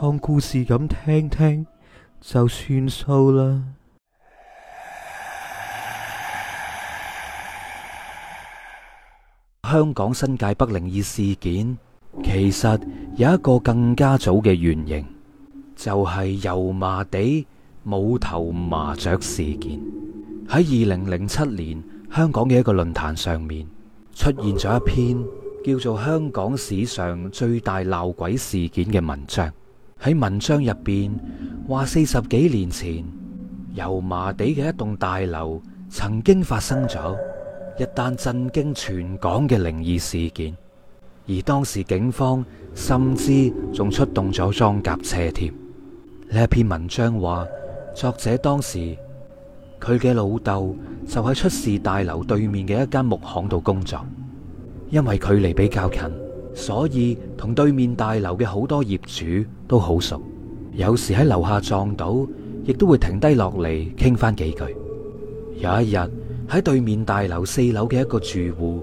當故事咁聽聽，就算數啦。香港新界北靈異事件其實有一個更加早嘅原型，就係、是、油麻地冇頭麻雀事件。喺二零零七年，香港嘅一個論壇上面出現咗一篇叫做《香港史上最大鬧鬼事件》嘅文章。喺文章入邊話，四十幾年前油麻地嘅一棟大樓曾經發生咗一單震驚全港嘅靈異事件，而當時警方甚至仲出動咗裝甲車添。呢一篇文章話，作者當時佢嘅老豆就喺出事大樓對面嘅一間木行度工作，因為距離比較近。所以同對面大樓嘅好多業主都好熟，有時喺樓下撞到，亦都會停低落嚟傾翻幾句。有一日喺對面大樓四樓嘅一個住戶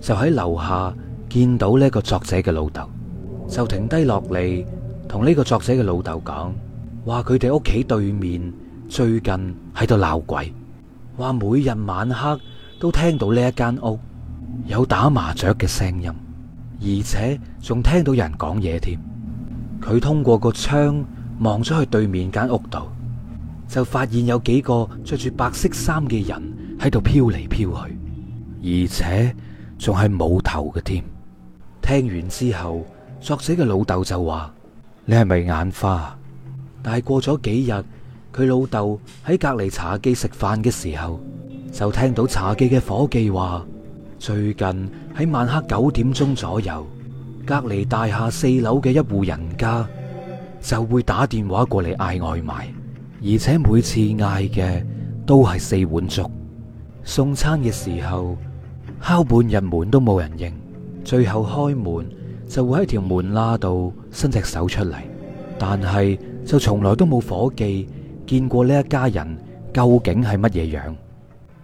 就喺樓下見到呢個作者嘅老豆，就停低落嚟同呢個作者嘅老豆講，話佢哋屋企對面最近喺度鬧鬼，話每日晚黑都聽到呢一間屋有打麻雀嘅聲音。而且仲聽到人講嘢添，佢通過個窗望咗去對面間屋度，就發現有幾個着住白色衫嘅人喺度飄嚟飄去，而且仲係冇頭嘅添。聽完之後，作者嘅老豆就話：你係咪眼花？但係過咗幾日，佢老豆喺隔籬茶記食飯嘅時候，就聽到茶記嘅伙計話。最近喺晚黑九點鐘左右，隔籬大廈四樓嘅一戶人家就會打電話過嚟嗌外賣，而且每次嗌嘅都係四碗粥。送餐嘅時候，敲半日門都冇人應，最後開門就會喺條門罅度伸隻手出嚟，但係就從來都冇夥計見過呢一家人究竟係乜嘢樣。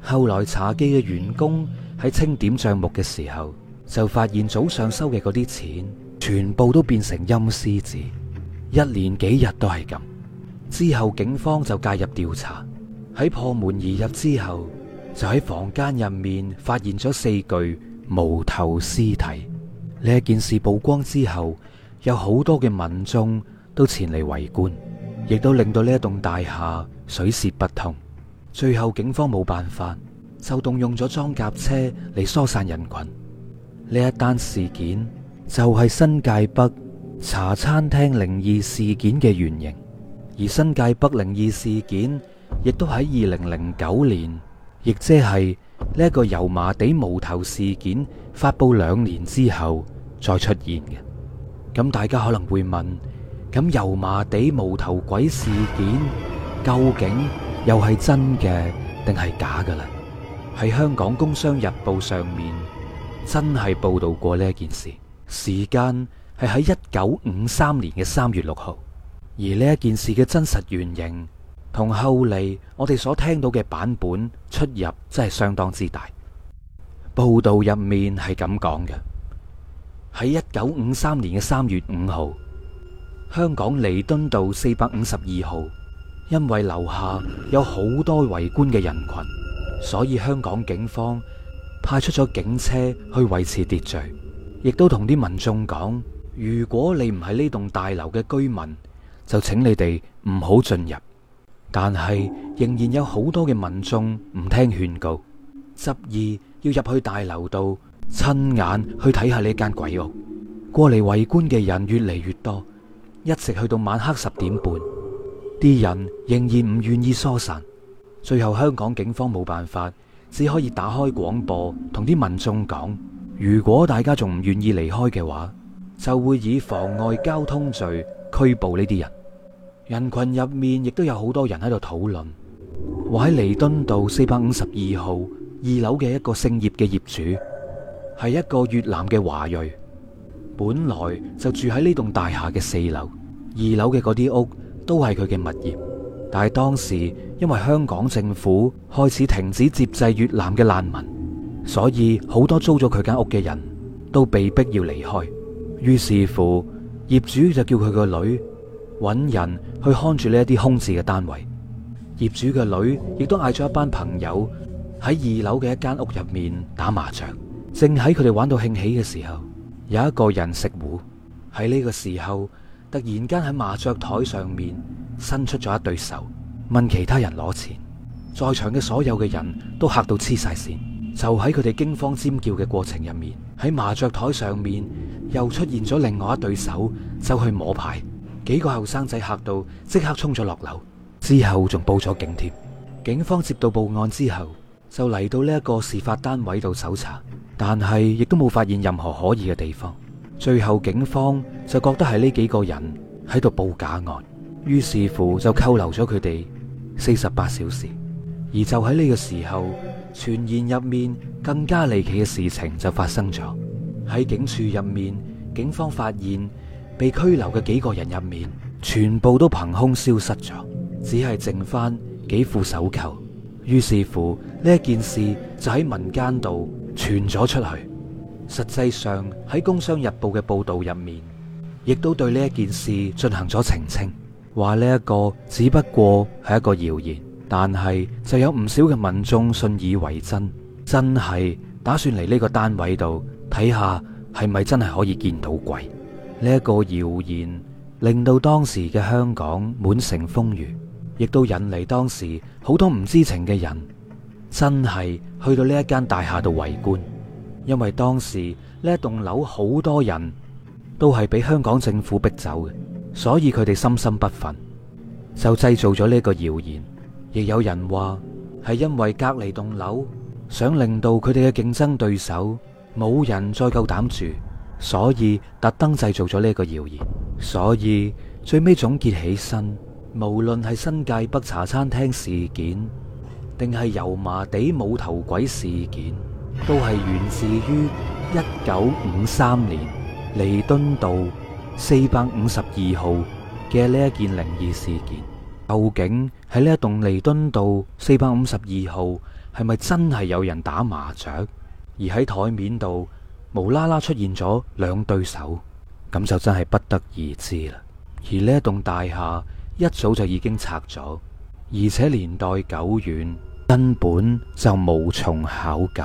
後來茶記嘅員工。喺清點賬目嘅時候，就發現早上收嘅嗰啲錢全部都變成陰司紙，一連幾日都係咁。之後警方就介入調查，喺破門而入之後，就喺房間入面發現咗四具無頭屍體。呢件事曝光之後，有好多嘅民眾都前嚟圍觀，亦都令到呢一棟大廈水泄不通。最後警方冇辦法。就動用咗裝甲車嚟疏散人群。呢一單事件就係新界北茶餐廳靈異事件嘅原型，而新界北靈異事件亦都喺二零零九年，亦即係呢一個油麻地無頭事件發布兩年之後再出現嘅。咁、嗯、大家可能會問：咁、嗯、油麻地無頭鬼事件究竟又係真嘅定係假噶啦？喺香港工商日報上面真係報道過呢件事，時間係喺一九五三年嘅三月六號，而呢件事嘅真實原型同後嚟我哋所聽到嘅版本出入真係相當之大。報道入面係咁講嘅：喺一九五三年嘅三月五號，香港彌敦道四百五十二號，因為樓下有好多圍觀嘅人群。所以，香港警方派出咗警車去維持秩序，亦都同啲民眾講，如果你唔係呢棟大樓嘅居民，就請你哋唔好進入。但係，仍然有好多嘅民眾唔聽勸告，執意要入去大樓度，親眼去睇下呢間鬼屋。過嚟圍觀嘅人越嚟越多，一直去到晚黑十點半，啲人仍然唔願意疏散。最後，香港警方冇辦法，只可以打開廣播同啲民眾講：如果大家仲唔願意離開嘅話，就會以妨礙交通罪拘捕呢啲人。人群入面亦都有好多人喺度討論，話喺彌敦道四百五十二號二樓嘅一個姓葉嘅業主，係一個越南嘅華裔，本來就住喺呢棟大廈嘅四樓，二樓嘅嗰啲屋都係佢嘅物業。但係當時，因為香港政府開始停止接濟越南嘅難民，所以好多租咗佢間屋嘅人都被逼要離開。於是乎，業主就叫佢個女揾人去看住呢一啲空置嘅單位。業主嘅女亦都嗌咗一班朋友喺二樓嘅一間屋入面打麻將。正喺佢哋玩到興起嘅時候，有一個人食糊，喺呢個時候。突然間喺麻雀台上面伸出咗一對手，問其他人攞錢，在場嘅所有嘅人都嚇到黐晒線。就喺佢哋驚慌尖叫嘅過程入面，喺麻雀台上面又出現咗另外一對手，走去摸牌。幾個後生仔嚇到，即刻衝咗落樓，之後仲報咗警添。警方接到報案之後，就嚟到呢一個事發單位度搜查，但係亦都冇發現任何可疑嘅地方。最後警方就覺得係呢幾個人喺度報假案，於是乎就扣留咗佢哋四十八小時。而就喺呢個時候，傳言入面更加離奇嘅事情就發生咗。喺警署入面，警方發現被拘留嘅幾個人入面，全部都憑空消失咗，只係剩翻幾副手銬。於是乎呢件事就喺民間度傳咗出去。實際上喺《工商日報》嘅報道入面，亦都對呢一件事進行咗澄清，話呢一個只不過係一個謠言，但係就有唔少嘅民眾信以為真，真係打算嚟呢個單位度睇下係咪真係可以見到鬼。呢一個謠言令到當時嘅香港滿城風雨，亦都引嚟當時好多唔知情嘅人，真係去到呢一間大廈度圍觀。因為當時呢一棟樓好多人都係俾香港政府逼走嘅，所以佢哋心心不忿，就製造咗呢個謠言。亦有人話係因為隔籬棟樓想令到佢哋嘅競爭對手冇人再夠膽住，所以特登製造咗呢一個謠言。所以最尾總結起身，無論係新界北茶餐廳事件，定係油麻地冇頭鬼事件。都係源自於一九五三年彌敦道四百五十二號嘅呢一件靈異事件。究竟喺呢一棟彌敦道四百五十二號係咪真係有人打麻雀，而喺台面度無啦啦出現咗兩對手，咁就真係不得而知啦。而呢一棟大廈一早就已經拆咗，而且年代久遠，根本就無從考究。